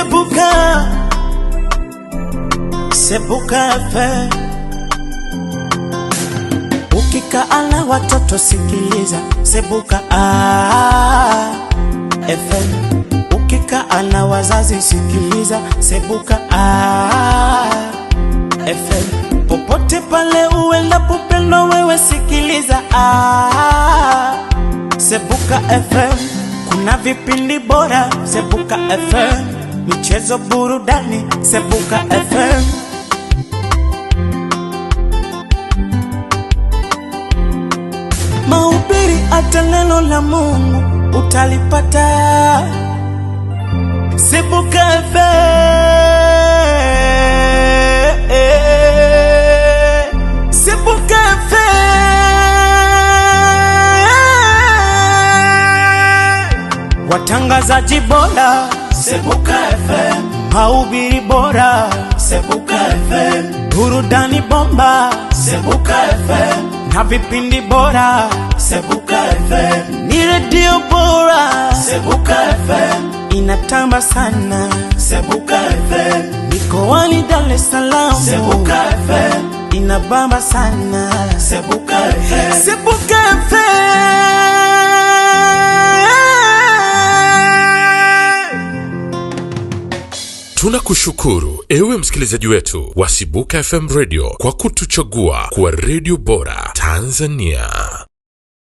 Sepuka Sepuka fe Ukika ala watoto sikiliza Sepuka watoto sikiliza Ukika ala wazazi sikiliza Sebuka FM. Popote pale uenda pupendo wewe sikiliza Sepuka FM. Kuna vipindi bora Sepuka FM michezo, burudani, Sepuka FM. Mahubiri hata neno la Mungu utalipata Sepuka FM. Sepuka FM. Watangazaji bora Sepuka FM, mahubiri bora Sepuka FM, burudani bomba Sepuka FM, na vipindi bora Sepuka FM, ni redio bora Sepuka FM, inatamba sana Sepuka FM, mikoani Dar es Salaam Sepuka FM, inabamba sana Sepuka FM. Sepuka Tunakushukuru ewe msikilizaji wetu wa Sibuka FM Radio kwa kutuchagua kuwa redio bora Tanzania.